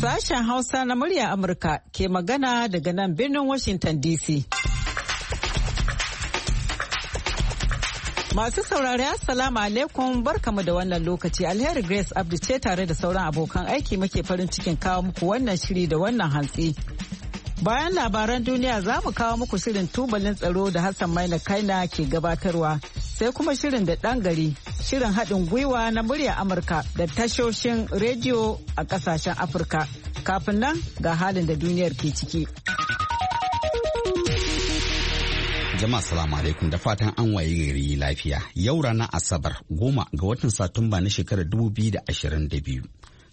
Sashen Hausa na murya Amurka ke magana daga nan birnin Washington DC. Masu saurari Assalamu alaikum barkamu da wannan lokaci alheri Grace Abdu ce tare da sauran abokan aiki muke farin cikin kawo muku wannan shiri da wannan hantsi. Bayan labaran duniya za mu kawo muku shirin tubalin tsaro da Hassan Maina Kaina ke gabatarwa sai kuma shirin da ɗan gari shirin haɗin gwiwa na murya Amurka da tashoshin rediyo a ƙasashen Afirka. Kafin nan ga halin da duniyar ke ciki. Jama'a salamu alaikum da fatan an waye gari lafiya. Yau ranar Asabar goma ga watan Satumba na shekarar 2022.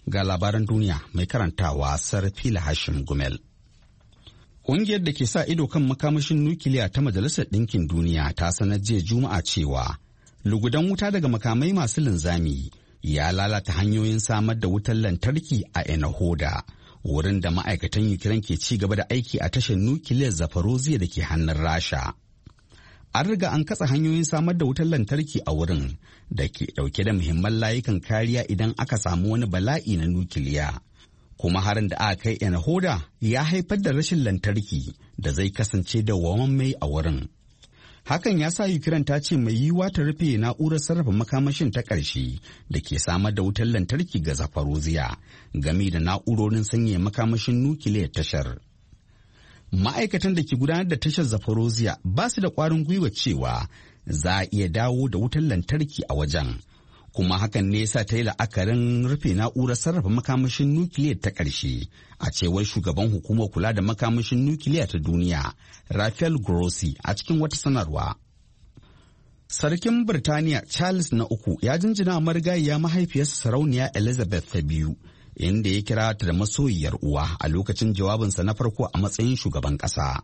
Ga labaran duniya mai karantawa Sarfila Hashim Gumel. Ƙungiyar da ke sa ido kan makamashin nukiliya ta Majalisar Ɗinkin Duniya ta sanar jiya Juma'a cewa lugudan wuta daga makamai masu linzami ya lalata hanyoyin samar da wutar lantarki a Enahoda, wurin da ma'aikatan Ukraine ke ci gaba da aiki a tashar nukiliyar zafarozia da ke hannun Rasha. An riga an katsa hanyoyin samar da wutar lantarki a wurin da ke dauke da muhimman layukan kariya idan aka samu wani bala'i na nukiliya. Kuma harin da aka kai Enahoda ya haifar da rashin lantarki da zai kasance da mai a wurin. hakan ya sa ukraine ta ce mai yiwuwa ta rufe na'urar sarrafa makamashin ta ƙarshe da ke samar da wutar lantarki ga zafaroziya game da na'urorin sanya makamashin nukiliyar tashar ma'aikatan da ke gudanar da tashar zafaroziya ba su da ƙwarin gwiwa cewa za a iya dawo da wutar lantarki a wajen kuma hakan ne yasa ta yi la'akarin rufe na'urar sarrafa makamashin nukiliya ta ƙarshe a cewar shugaban hukumar kula da makamashin nukiliya ta duniya rafael grossi a cikin wata sanarwa sarkin birtaniya charles na uku ya jinjina marigayiya mahaifiyarsa sarauniya elizabeth ta biyu inda ya kira ta da masoyiyar uwa a lokacin jawabinsa na farko a matsayin shugaban ƙasa.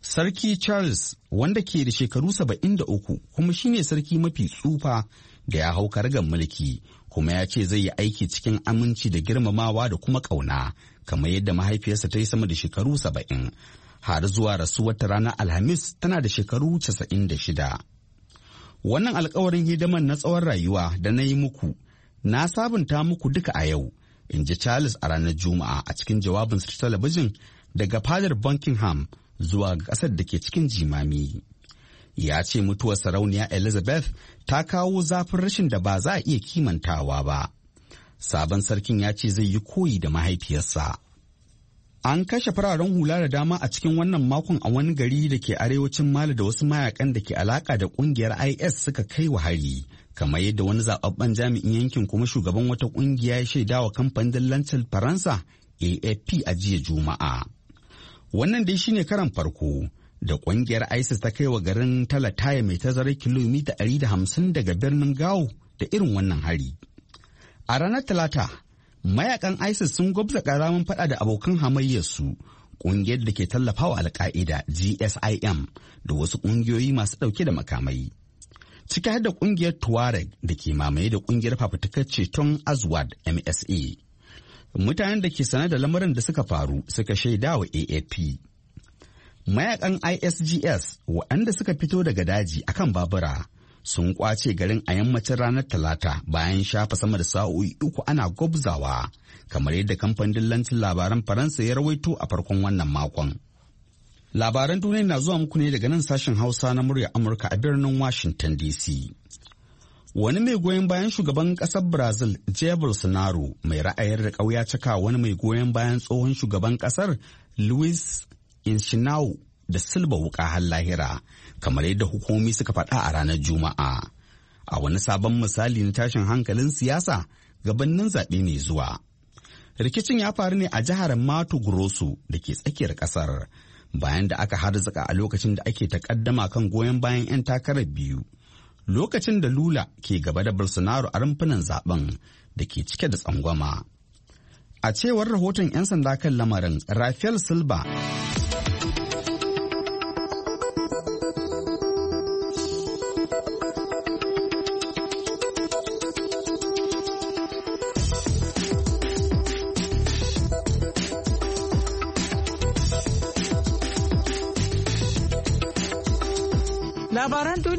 Sarki Charles wanda ke da shekaru saba'in da uku kuma shine sarki mafi tsufa da ya hau karagar mulki kuma ya ce zai yi aiki cikin aminci da girmamawa da kuma ƙauna kamar yadda mahaifiyarsa ta yi sama da shekaru saba'in har zuwa rasuwar ta ranar alhamis tana da shekaru casa'in da shida wannan alkawarin hidiman na tsawon rayuwa da na yi muku na sabunta muku duka a yau in ji charles a ranar juma'a a cikin jawabinsa ta talabijin daga fadar buckingham zuwa ga ƙasar da ke cikin jimami. ya ce mutuwar sarauniya elizabeth ta kawo zafin rashin da ba za a iya kimantawa ba sabon sarkin ya ce zai yi koyi da mahaifiyarsa an kashe fararen hula da dama a cikin wannan makon a wani gari da ke arewacin mali da wasu mayakan da ke alaka da kungiyar is suka kai wa hari kamar yadda wani zababben jami'in yankin kuma shugaban wata kungiya ya shaidawa kamfanin dillancin faransa afp a jiya juma'a wannan dai shine karan farko da ƙungiyar isis ta kai wa garin talataya mai tazarar kilomita 150 daga birnin gawo da irin wannan hari a ranar talata mayakan isis sun gwabza ƙaramin fada da abokan hamayyarsu ƙungiyar da ke tallafawa alka'ida gsim da wasu ƙungiyoyi masu ɗauke da makamai ciki har da ƙungiyar tuareg da ke mamaye da ƙungiyar fafutukar ceton azwad msa mutanen da ke sane da lamarin da suka faru suka shaida wa afp mayakan isgs waɗanda suka fito daga daji akan babura sun kwace garin a yammacin ranar talata bayan shafa sama da sa'o'i uku ana gwabzawa kamar yadda kamfanin dillancin labaran faransa ya rawaito a farkon wannan makon labaran duniya na zuwa muku ne daga nan sashen hausa na murya amurka a birnin washington dc wani mai goyon bayan shugaban kasar brazil jair bolsonaro mai ra'ayar da kauya cika wani mai goyon bayan tsohon shugaban kasar luis Inshinau da silba wuka har lahira kamar yadda hukumomi suka faɗa a ranar Juma'a. A wani sabon misali na tashin hankalin siyasa gabanin zaɓe ne zuwa. Rikicin ya faru ne a jihar Mato Grosso da ke tsakiyar ƙasar bayan da aka harzuka a lokacin da ake takaddama kan goyon bayan 'yan takarar biyu. Lokacin da Lula ke gaba da Bolsonaro a rumfunan zaben da ke cike da tsangwama. A cewar rahoton 'yan sanda kan lamarin, Rafael Silva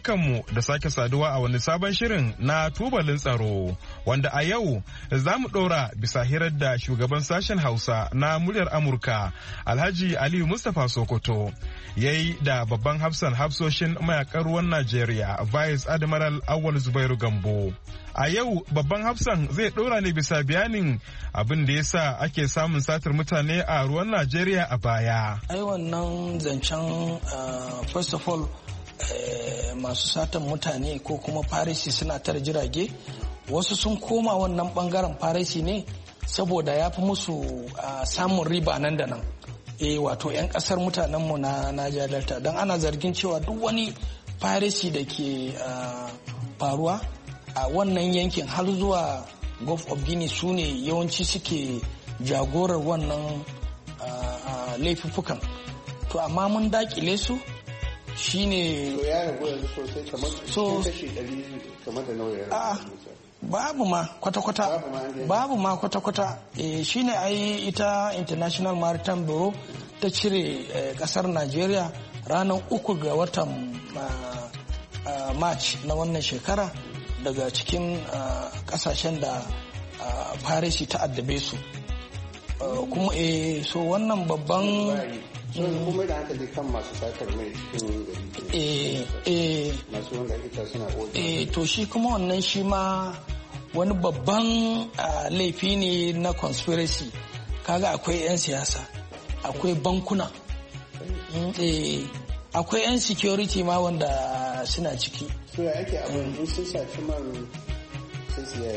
barkanmu da sake saduwa a wani sabon shirin na tubalin tsaro wanda a yau za mu ɗora bisa hirar da shugaban sashen Hausa na muryar Amurka Alhaji Aliyu Mustapha Sokoto ya yi da babban hafsan hafsoshin mayakan ruwan Najeriya Vice Admiral Awal Zubairu Gambo. A yau babban hafsan zai ɗora ne bisa bayanin abin da ya sa ake samun satar mutane a ruwan Najeriya a baya. Ai wannan zancen eh, first of all Eh, masu satan mutane ko kuma farisi suna tara jirage wasu sun koma wannan bangaren farisi ne saboda ya fi musu samun riba nan da nan eh wato 'yan kasar mutanenmu na naja delta don ana zargin cewa duk wani farisi da ke faruwa a wannan yankin har zuwa gulf of guinea su ne yawanci suke jagorar wannan laifuffukan to amma mun dakile su shine ah, babu ma kwata-kwata babu ma kwata-kwata e, shine ai ita international maritime bureau ta cire kasar eh, nigeria ranar uku ga watan ah, ah, march na wannan shekara daga cikin kasashen da paris ta addabe su eh, kuma e, so wannan babban kuma da hankali kan masu satar mai cikin gari eh masu wanda ita suna eh to shi kuma wannan shi ma wani babban ah, laifi ne na conspiracy kaga akwai 'yan siyasa akwai bankuna eh, akwai 'yan security ma wanda suna ciki suna ake abin sun saci man sun siya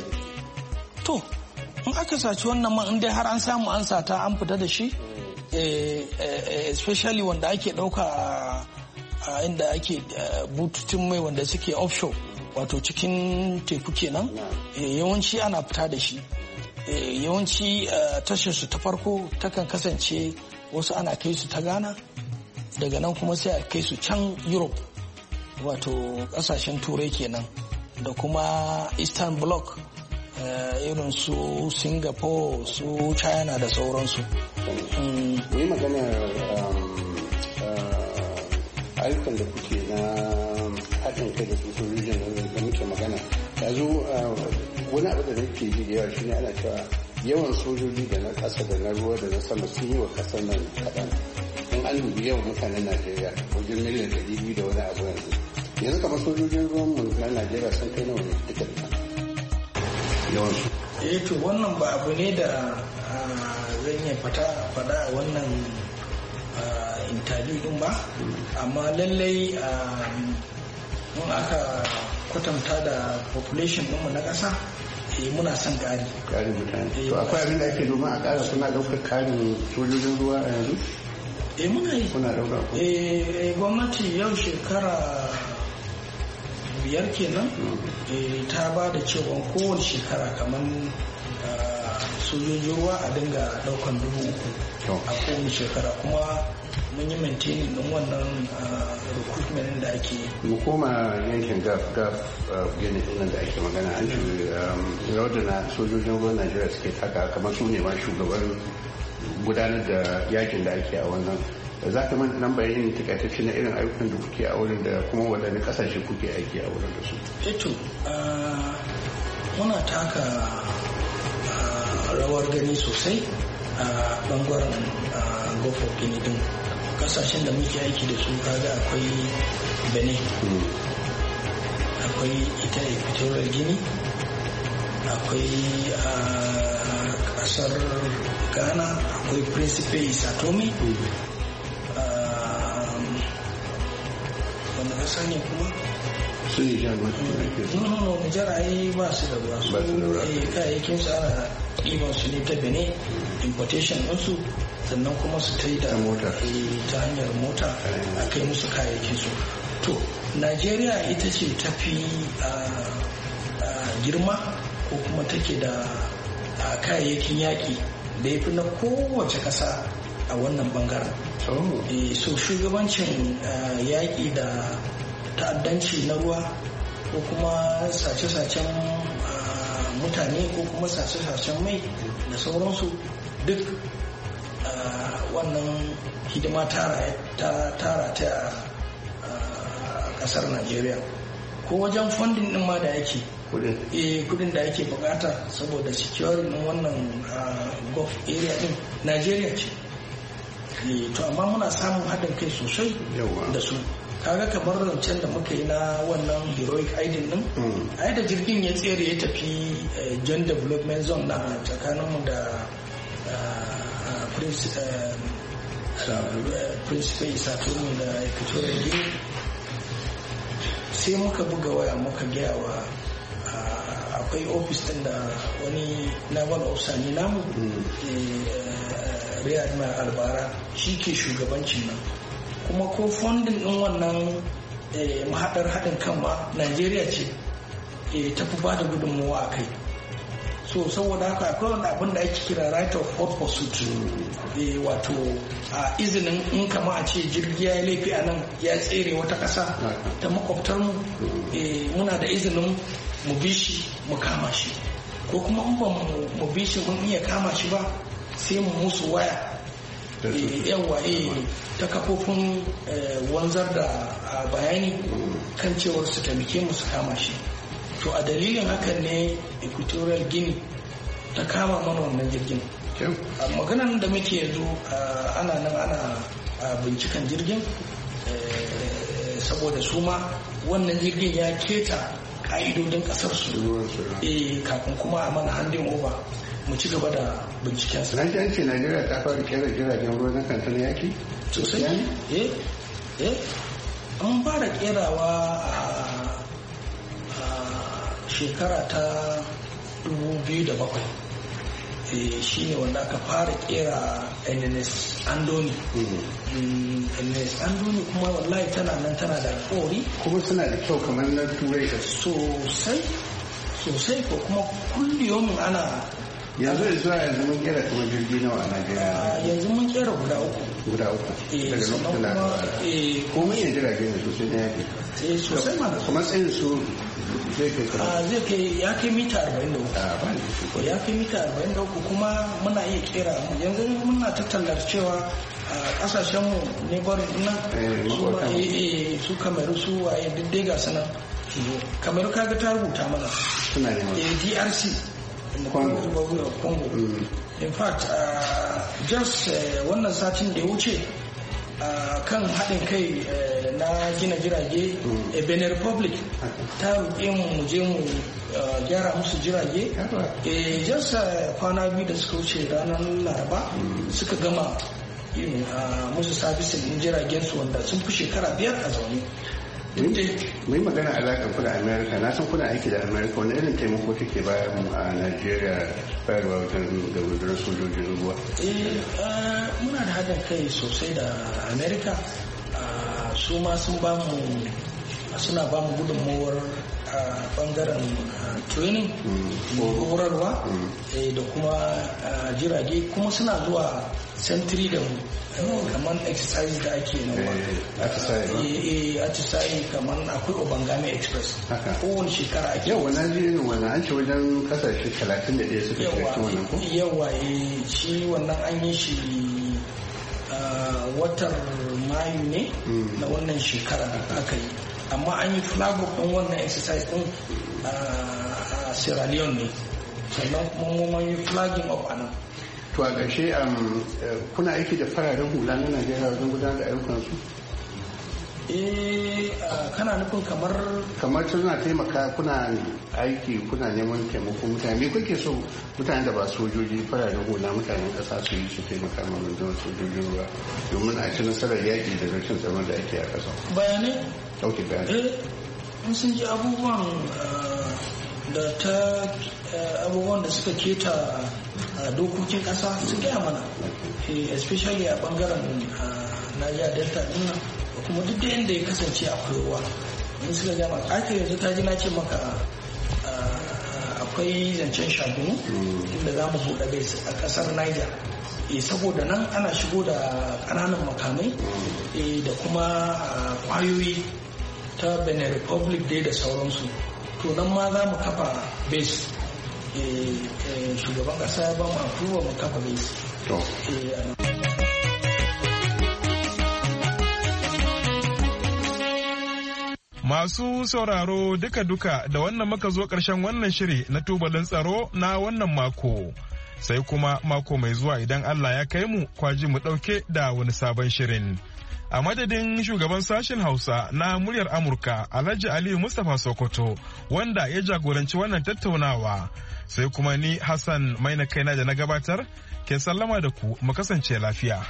to in aka saci wannan man in dai har an samu an sata an fita da shi eh. Eh, eh, especially wanda ake ɗauka a inda ake eh, bututun mai wanda suke offshore wato cikin teku kenan yawanci ana fita da shi yawanci tashinsu ta farko takan kasance wasu ana kai su ta ghana daga nan kuma sai a kai su can europe wato kasashen turai kenan da kuma eastern bloc Eh, irin su singapore su china da sauransu mm, yi maganar um, uh, ayyukan da kuke na haɗin kai da sosai region da muke magana yanzu uh, wani abu da nake ji da yawa shine ana cewa yawan sojoji da na ƙasa da na ruwa da na sama sun yi wa ƙasar nan kaɗan in an dubi yawan mutanen najeriya wajen miliyan ɗari biyu da wani abu yanzu yanzu kamar sojojin ruwan mu na najeriya sun kai nawa ne duka yawansu eh to wannan ba abu ne da ah, zan iya fata fada a wannan ah, intabi din ba amma lallai ah, mun aka kwatanta da population ɗinmu na ƙasa eh muna son ƙari ƙarin mutane eh, to akwai abin da ake domin a ƙara suna ɗaukar ƙarin sojojin ruwa a yanzu eh muna yi kuna ɗaukar ku eh, eh gwamnati yau shekara biyar kenan eh, ta ba da cewa kowane shekara kamar ah, sojojin ruwa a dinga daukan dubu uku a kowane shekara kuma mun yi maintaining din wannan ah, recruitment da ake yi. mu koma yankin gaf gaf ah, gini nan da ake magana an ce yau um, da sojojin ruwan najeriya suke taka kamar su ne ma shugaban gudanar da yakin da ake a wannan za ka manta nan bayanin takaitacce na irin ayyukan da kuke a wurin da kuma waɗanne kasashe kuke aiki a wurin da su. Eto, eh ah, muna taka ah, rawar gani sosai a bangaren ah, gofo gini din kasashen da muke aiki da su kaga akwai benin akwai ita equatorial gini akwai ƙasar ghana akwai principe isatomi su ne jan su ba su da ruwa eh, kayayyakin su ana su ne ta bene importation ɗinsu sannan kuma su ta yi da eh, mota ta hanyar mota a kai musu kayayyakin su to najeriya ita ce ta fi girma ko kuma take da kayayyakin yaƙi da ya fi na kowace ƙasa a wannan bangaren oh. eh, so shugabancin yaƙi da ta'addanci na ruwa ko kuma sace-sacen ah, mutane ko kuma sace-sacen mai da sauransu duk ah, wannan hidima tara ta kasar ah, najeriya ko wajen fondin din ma da yake kudin eh, da yake bukata saboda security din wannan gulf area din najeriya ce eh, to amma muna samun haɗin kai sosai da su kaga kamar rancen da muka yi na wannan heroic aidin din mm. ai da jirgin ya tsere ya tafi eh, jan development zone na tsakaninmu da eh, eh, principal isa tunu da equatorial guinea sai muka buga waya muka gaya wa akwai ofis din da wani naval officer ne namu mm. rear admiral albara shi ke shugabancin nan kuma ko fondin ɗin wannan eh, mahaɗar haɗin kan ma najeriya ce eh, ta fi bada gudunmawa a kai so saboda haka akwai wani abin da ake kira right of hot pursuit eh, wato a izinin in kama a ce jirgi ya laifi a nan ya tsere wata ƙasa ta makwabtar mu muna da izinin mu bi shi mu kama shi ko kuma in ba mu bi shi mun iya kama shi ba sai mu musu waya yawa eh, ta kafofin eh, wanzar da bayani kan cewar su taimake mu su kama shi to a dalilin hakan ne equatorial guinea ta kama mana wannan jirgin maganan da muke yanzu ana nan ana bincikan jirgin eh, saboda su ma wannan jirgin ya keta ka'idodin kasar su eh kafin kuma a mana handin over mu ci gaba da binciken su. Nan ce Najeriya ta fara kera jiragen ruwa na kantin yaki? Sosai eh eh an fara kerawa a shekara ta 2007 shi ne wanda aka fara kera nns andoni mm-hmm. nns andoni kuma wallahi tana nan tana da alkawari kuma suna da kyau kamar na turai da sosai sosai ko kuma kulliyomin ana yanzu da yanzu mun kera kuma jirgi na a najeriya yanzu mun kera guda uku guda uku eh, daga lokacin da aka eh, komai ne jirage ne sosai na yake eh, sosai ma kuma tsayin su zai kai kuma ah, zai kai ya kai mita 43 da uku ah, ya kai mita 43 kuma muna iya kera yanzu muna tattalar cewa a ah, kasashen mu ne gwarin nan su kamaru su waye duk dai ga sanan kamar kaga ta rubuta mana suna ne drc in the In fact, uh, just uh, wannan satin da ya wuce uh, kan haɗin kai uh, na gina jirage hmm. a benin republic ta roƙe mu mu mu gyara musu jirage eh, just kwana biyu da suka wuce ranar laraba hmm. suka gama musu sabisin jiragen su wanda sun fi shekara biyar a zaune mu yi magana alaƙar kuna amerika na san kuna aiki da america wani irin taimako take bayar mu a nigeria bayarwa wajen da wajen sojojin ruwa eh, muna da haɗin kai sosai da america ah, su ma sun ba mu suna ba mu gudunmawar a bangaren training mm. horarwa mm. eh, da kuma jirage kuma suna zuwa sentry da kamar exercise da ake nawa atisayi kamar akwai obangame express kowane shekara ake wani na ne wani an ce wajen kasashe 31 suka shirya wannan ko yawa eh, shi wannan an yi shi ah, watan mayu ne mm. na wannan shekara aka yi amma an yi flago ɗin wannan exercise ɗin a sierra leone ne sannan kuma mun yi flagging of anan to a ƙarshe um, eh, kuna aiki da fararen hula na najeriya wajen gudanar da su eh kana nufin kamar kamar suna taimaka kuna aiki kuna neman taimakon mutane me kuke so mutane da ba sojoji fararen hula mutanen kasa su yi su taimaka ma rundunar sojojin ruwa domin a ci nasarar yaƙi da rashin tsaron da ake a ƙasa bayanai Dauke bayani eh, in sun ji abubuwan eh, da ta eh, abubuwan da suka keta dokokin kasa su gaya mana especially a bangaren niger delta din kuma duk da yadda ya kasance a ruwa in suka gama ake yanzu ta ji na ce maka akwai zancen shagunu mm. inda za mu buɗe bai a ƙasar niger saboda nan ana shigo da ƙananan makamai mm. da kuma kwayoyi ta benin republic dai da sauransu to nan ma za mu kafa base eh, eh, shugaban kasa ya ba mu afuwa mu kafa base eh, Masu sauraro duka-duka da wannan muka zo ƙarshen wannan shiri na tubalin tsaro na wannan mako. Sai kuma mako mai zuwa idan Allah ya kai mu kwaji mu ɗauke da wani sabon shirin. a madadin shugaban sashen hausa na muryar amurka alhaji aliyu mustapha sokoto wanda ya jagoranci wannan tattaunawa sai kuma ni hassan mai kai kaina da na gabatar ke sallama da ku mu kasance lafiya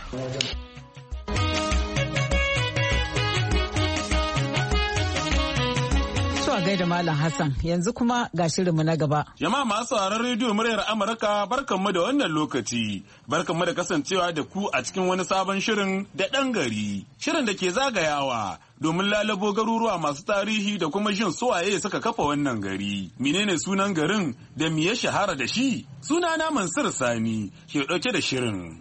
gaida Malam Hassan. Yanzu kuma ga shirinmu na gaba. Jama'a masu sauraron rediyo muryar Amurka barkanmu da wannan lokaci. Barkanmu da kasancewa da ku a cikin wani sabon shirin da ɗan gari. Shirin da ke zagayawa domin lalabo garuruwa masu tarihi da kuma jin suwaye suka kafa wannan gari. Menene sunan garin da me ya shahara da shi? Sunana Mansur Sani ke ɗauke da shirin.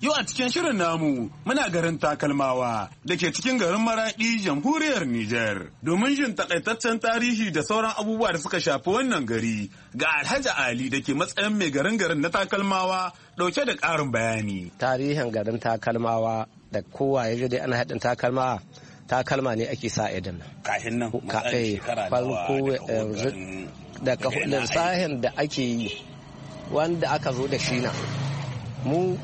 Yau a cikin shirin namu muna garin takalmawa da ke cikin garin maraɗi jamhuriyar Nijar. Domin jin takaitaccen tarihi da sauran abubuwa da suka shafi wannan gari ga Alhaji Ali da ke matsayin mai garin garin na takalmawa ɗauke da ƙarin bayani. Tarihin garin takalmawa da kowa ya dai ana haɗin takalmawa takalma ne ake sa idan. Kahin nan eh, farko da eh, sahin da ake yi wanda aka zo da shi na. Mu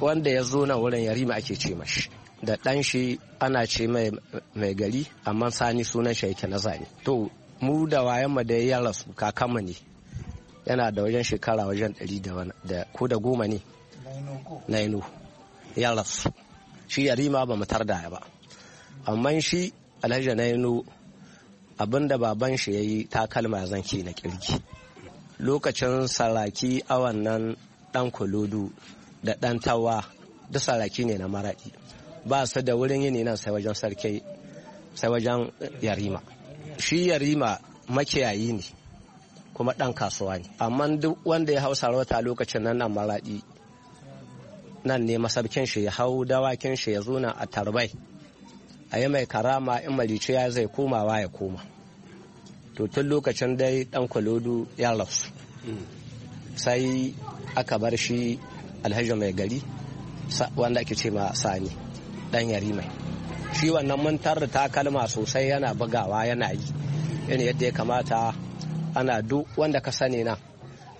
wanda ya zo na wurin yarima ake ce mashi da ɗan shi ana ce mai gari amma sani sunan shi yake na zane to mu da wayan mu da ya rasu kakanmu ne yana da wajen shekara wajen ɗari da ko da goma ne na ya rasu shi yarima ba mu tarda ba amma shi alhaji na abinda baban shi ya yi zan zanki na kirki lokacin saraki awan nan ɗan kolodu da ɗantawa da saraki ne na maraɗi ba su da wurin yini nan sai wajen sarki sai wajen yarima shi yarima makiyayi ne kuma ɗan kasuwa ne amma duk wanda ya hau sarauta lokacin nan nan maraɗi nan ne masarkin shi ya hau dawakin shi ya zuna a tarbai a yi mai karama in malice ya zai komawa ya koma to tun lokacin dai ɗan kwalodu ya rasu mm. sai aka bar shi alhaji mai gari wanda ake ce ma sani dan yari mai shi wannan mun tarra takalma sosai yana bugawa yana yi yana yadda ya kamata ana duk wanda ka sani na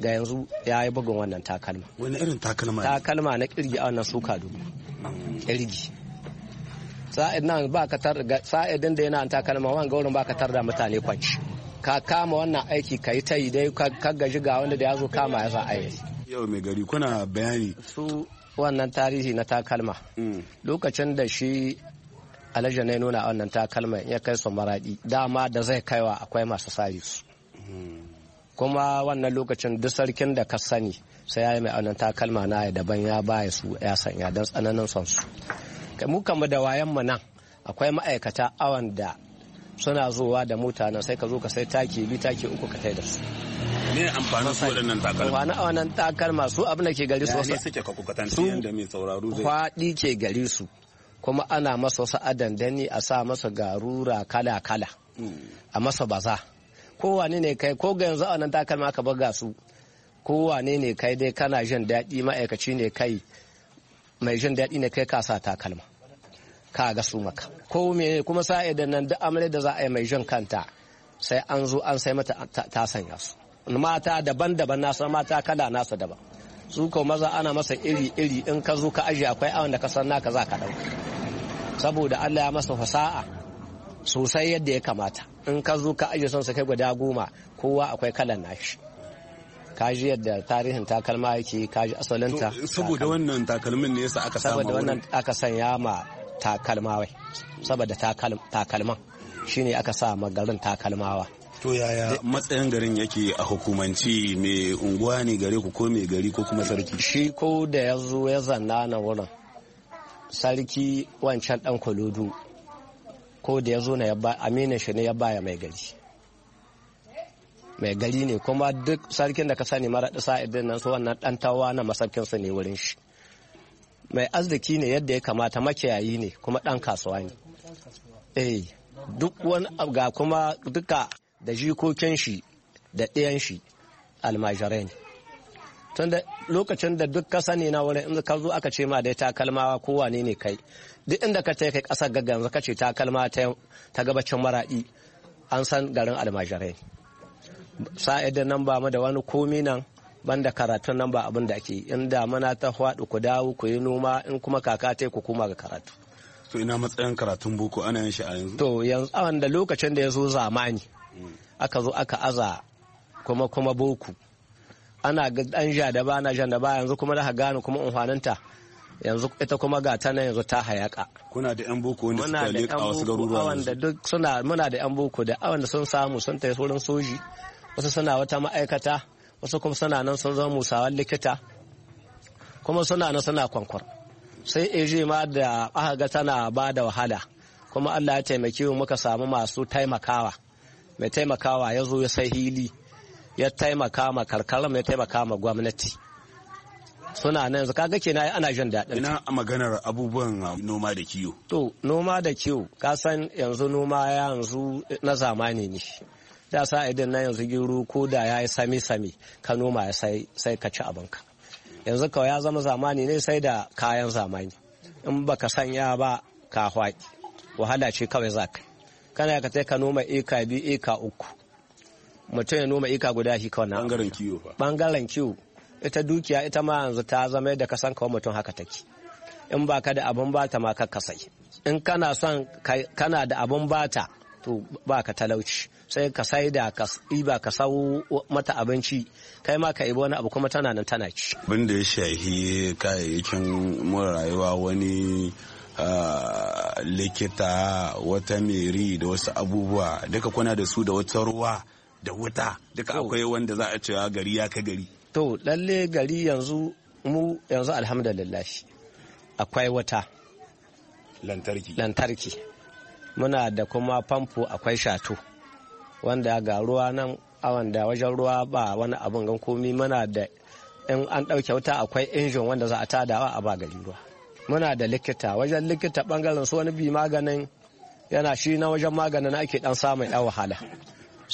ga yanzu ya yi bugun wannan takalma wani irin takalma takalma na kirgi a wannan suka dubu kirgi sa'id nan ba ka tar sa'idin da yana takalma wanga wurin ba ka tar da mutane kwanci ka kama wannan aiki ka yi ta yi dai ka gaji ga wanda da ya zo kama ya za a yi yau mai gari kuna bayani su wannan tarihi na takalma mm. lokacin da shi alhaji na nuna wannan takalma ya kai su Maradi. dama da zai kaiwa akwai masu sayi su mm. kuma wannan lokacin duk sarkin da ka sani sai ya yi mai aunan takalma na ya daban ya baya su ya sanya don tsananin son su mu kama da wayan mu nan akwai ma'aikata awan da suna zuwa da mutanen sai ka zo ka sai taki bi taki uku ka tai da su ne amfanin su waɗannan takalma wani wannan takalma su abin da ke gari su wasu suke ka su yanda mai sauraro zai kwaɗi ke gari su kuma ana masa wasu adandani a sa masa garura kala kala a masa baza kowane ne kai ko ga yanzu a wannan takalma ka buga su kowane ne kai dai kana jin daɗi ma'aikaci ne kai mai jin daɗi ne kai ka sa takalma ka ga su maka ko me kuma da nan duk amare da za a yi mai jin kanta sai an zo an sai mata ta sanya su mata daban-daban nasa mata kala nasa daban su ko maza ana masa iri-iri in ka zo ka aji akwai awon da ka san naka za ka ɗauka saboda Allah ya masa fasa'a sosai yadda ya kamata in ka zo ka aji son sa kai guda goma kowa akwai kalan nashi kaji yadda tarihin takalma yake kaji asalinta saboda wannan takalmin ne yasa aka samu saboda wannan aka sanya ma takalma wai saboda takalman shine aka sa magarin takalmawa to yaya matsayin garin yake a hukumanci mai unguwa ne gare ku ko mai gari ko kuma sarki shi ko da ya zo ya zanna na wurin sarki wancan dan kwalodu ko da ya zo na amina shi ne ya baya mai gari mai gari ne kuma duk sarkin da ka sani mara ɗisa idan nan su wannan dan tawa na masarkinsa ne wurin shi mai arziki ne yadda ya kamata makiyayi ne kuma dan kasuwa ne eh duk wani ga kuma duka da jikokin shi da ɗayan shi almajirai ne da lokacin da duk ka sani na wurin inda ka zo aka ce ma dai takalmawa kowane ne kai duk inda ka kai ƙasar gaggan yanzu ka ce takalma ta gabacin maraɗi an san garin almajirai sa'idin nan ba mu da wani komi nan banda karatun nan ba abin da ake inda muna ta haɗu ku dawo ku yi noma in kuma kaka ta ku koma ga karatu to ina matsayin karatun boko ana yin shi a yanzu to yanzu a wanda lokacin da ya zo zamani aka zo aka aza kuma kuma boku ana dan ja da ba na jan da ba yanzu kuma da gane kuma unhwaninta yanzu ita kuma ga ta nan yanzu ta hayaka kuna da yan boko wanda suka leka wasu garuruwa wanda duk suna muna da yan boko da awanda sun samu sun tafi sauran soji wasu suna wata ma'aikata wasu kuma suna nan sun zama musawan likita kuma suna nan suna kwankwar sai eje ma da aka ga tana ba da wahala kuma Allah ya taimake mu muka samu masu taimakawa mai taimakawa ya zo ya sai hili ya taimaka ma karkarar ya taimaka ma gwamnati suna nan yanzu kaga kenan ana jin daɗin ina maganar abubuwan ah, noma da kiwo to noma da kiwo ka san yanzu noma ya yanzu na zamani ne da sa idan na yanzu gero ko da ya yi sami sami ka noma ya sai ka ci abinka yanzu kawai ya zama zamani ne sai da kayan zamani in baka sanya ba ka wahala ce kawai za kana ka sai ka noma eka biyu eka uku mutum ya noma eka guda shi kawai na bangaren kiwo fa bangaren kiwo ita dukiya ita ma yanzu ta zama yadda ka san kawai mutum haka take in ba ka da abin bata ma ka kasai in kana son kana da abin bata to ba ka talauci sai ka sai da ka iba ka sau mata abinci kai ma ka ibi wani abu kuma tana nan tana ci abin da ya shahi kayayyakin mura rayuwa wani Eh, likita wata meri da wasu abubuwa duka kuna da su da wata ruwa da wuta duka akwai wanda za a cewa gari ya ka gari to lalle gari yanzu mu yanzu alhamdulillah akwai wata lantarki lantarki muna da kuma famfo akwai shato wanda ga ruwa nan awan da wajen ruwa ba wani abin gan komi muna da in an ɗauke wuta akwai injin wanda za a tadawa a ba gari ruwa muna da likita wajen likita bangaren su wani bi maganin yana shi na wajen maganin ake dan samun ya wahala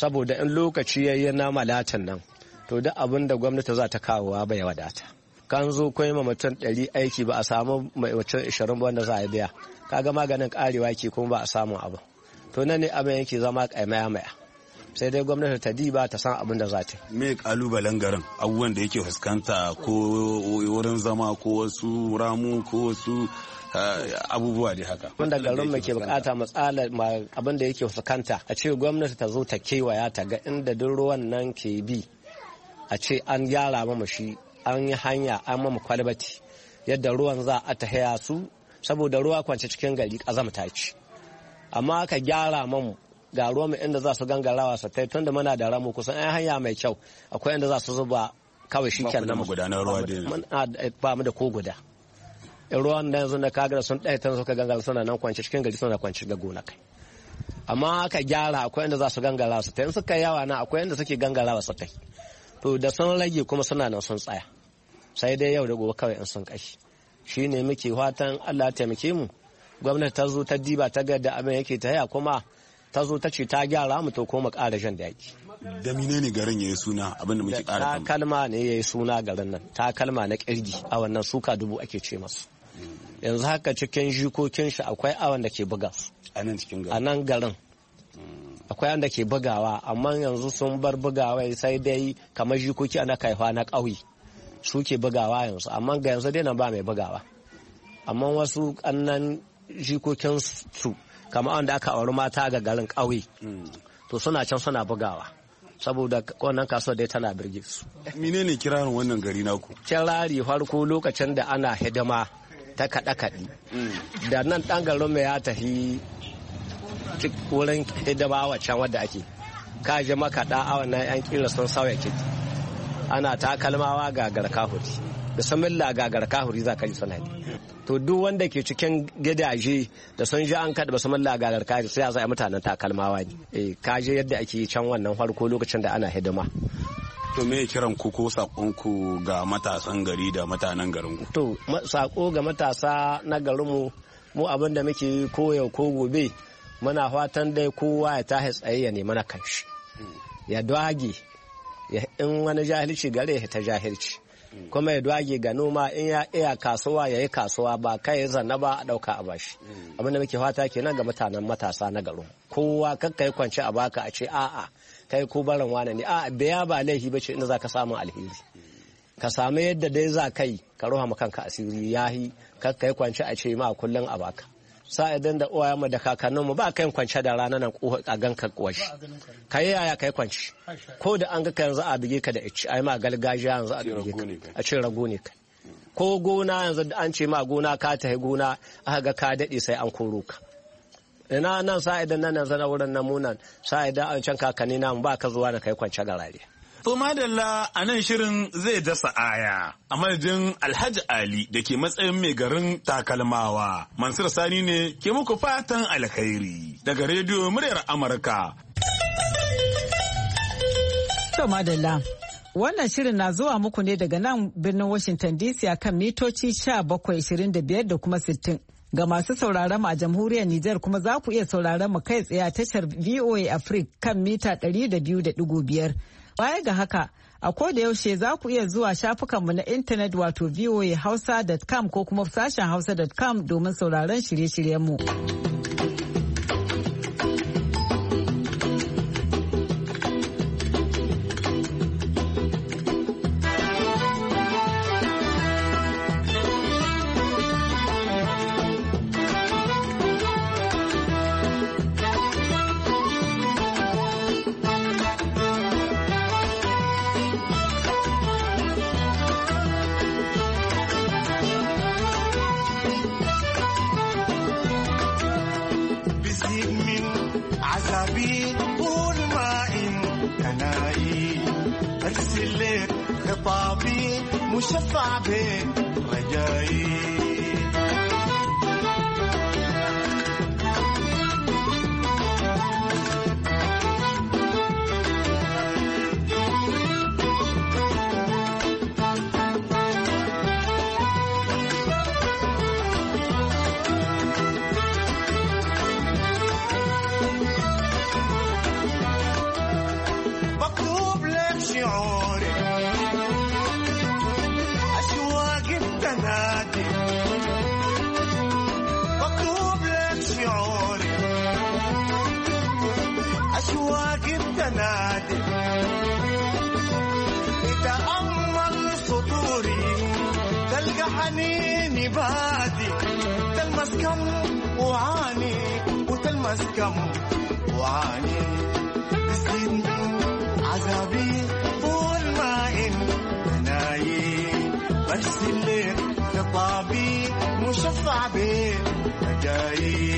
saboda in lokaci ya yi na malatin nan to duk abin da gwamnati za ta kawowa bai wadata kan zo kai ma mutum ɗari aiki ba a samu mai mutum ishirin wanda za a biya kaga maganin karewa ke kuma ba a samu abu to nan ne abin yake zama kaimaya maya sai dai gwamnati ta diba ta san abin da za ta me kalubalen garin abubuwan da yake fuskanta ko wurin zama ko wasu ramu ko wasu eh, abubuwa dai haka wanda garin mu ke bukata matsala abin da yake fuskanta a ce gwamnati ta zo ta kewaya ta ga inda duk ruwan nan ke bi a ce an gyara mamu shi an yi hanya an mamu kwalbati yadda ruwan za a ta su saboda ruwa kwance cikin gari ta ci amma ka gyara mamu ga ruwa mai inda za su gangarawa su tai tunda muna da ramu kusan ai hanya mai kyau akwai inda za su zuba kawai shi kenan eh, ba mu da ko guda ruwan da yanzu da kagar sun dai tun suka gangara suna nan kwanci cikin gari suna kwanci ga gona kai amma aka gyara akwai inda za su gangara su tai in suka yawa na akwai inda suke gangara su tai to da sun rage kuma suna nan sun tsaya sai dai yau da gobe kawai in sun kashi ne muke fatan Allah taimake mu gwamnati ta zo ta diba ta ga da abin yake ta haya kuma ta zo ta ce ta gyara mu to koma ƙara jan yaki. da ne garin ya yi suna abinda muke ƙara takalma ne ya yi suna garin nan takalma na kirgi a wannan suka dubu ake ce masu yanzu haka cikin jikokin shi akwai awan da ke buga su a nan garin akwai wanda ke bugawa amma yanzu sun bar bugawa sai dai kamar jikoki ana kaifa na ƙauye su ke bugawa yanzu amma ga yanzu dai nan ba mai bugawa amma wasu ƙannan jikokin su kamar wanda aka auri mata ga garin ƙauye hmm. to suna can suna bugawa saboda wannan kaso dai tana birge su menene kirarin wannan gari naku kirari farko lokacin da ana hidima ta kaɗe kaɗe hmm. da nan ɗan garin mai ya tafi wurin hidima wacan wadda ake ka ji makaɗa a wannan yan kila sun sauya kiti ana takalmawa ga garka da samin lagagar kahuri za ka ji suna to duk wanda ke cikin gidaje da sun ji an kaɗa ba samin lagagar kahuri sai a zai mutanen takalmawa ne eh, Ka je yadda ake can wannan farko lokacin da ana hidima to me kiran ku ko saƙonku ga matasan gari da mutanen garin ku to sako ga matasa na garin mu mu abin da muke koya ko ko gobe muna fatan dai kowa ya tashi tsaye ya nemi na kanshi hmm. ya dage in wani jahilci gare ya ta jahilci kuma ya dage ga noma in ya iya kasuwa ya yi kasuwa ba kai ya zanna ba a ɗauka a bashi mm. abin da muke fata kenan ga mutanen matasa na garin kowa kakka yi kwance a baka a ce a'a kai ko barin wane ne a'a biya ba laifi ba ce inda za ka samu alheri mm. ka samu yadda dai za kai ka ruha kanka asiri yahi kakka yi kwance a ce ma kullum a baka Saa idan da uwaye mu da kakannin mu ba kai kwance da rana nan a ganka kwashi yi yaya kai kwance ko da an ga ka yanzu a bige ka da ici ai ma galgaji yanzu a bige ka a cin rago ne ka ko gona yanzu an ce ma gona ka tahi gona aka ga ka dade sai an koro ka ina nan sa idan nan yanzu na wurin namunan sa idan an can kakanni na ba ka zuwa da kai kwance garare To madalla a nan shirin zai dasa aya a madadin Alhaji Ali da ke matsayin mai garin takalmawa. Mansur Sani ne ke muku fatan alkhairi daga rediyo muryar Amurka. To madalla. Wannan shirin na zuwa muku ne daga nan birnin Washington DC a kan mitoci 1725 da kuma sittin, Ga masu sauraron a jamhuriyar Nijar kuma za ku iya sauraron mu kai tsaye a tashar VOA Africa kan mita 200.5. Baya ga haka, a koda yaushe za ku iya zuwa shafukanmu na intanet wato voahausa.com ko kuma sashen hausa.com domin sauraron shirye-shiryenmu. مشفع بين رجائي الجنادل تأمل سطوري تلقى حنيني بادي تلمس كم وعاني وتلمس كم وعاني تسجني عذابي طول ما انت نايم برسل لك خطابي مشفع بالهدايا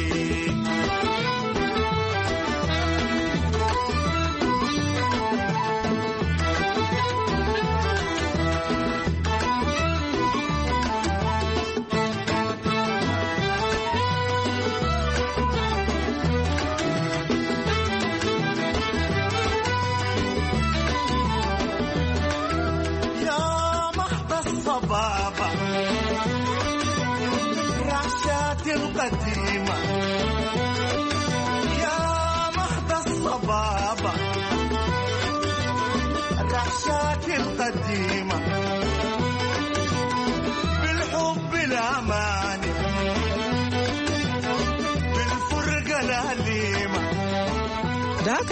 العادات القديمة يا مهد الصبابة الرحشات القديمة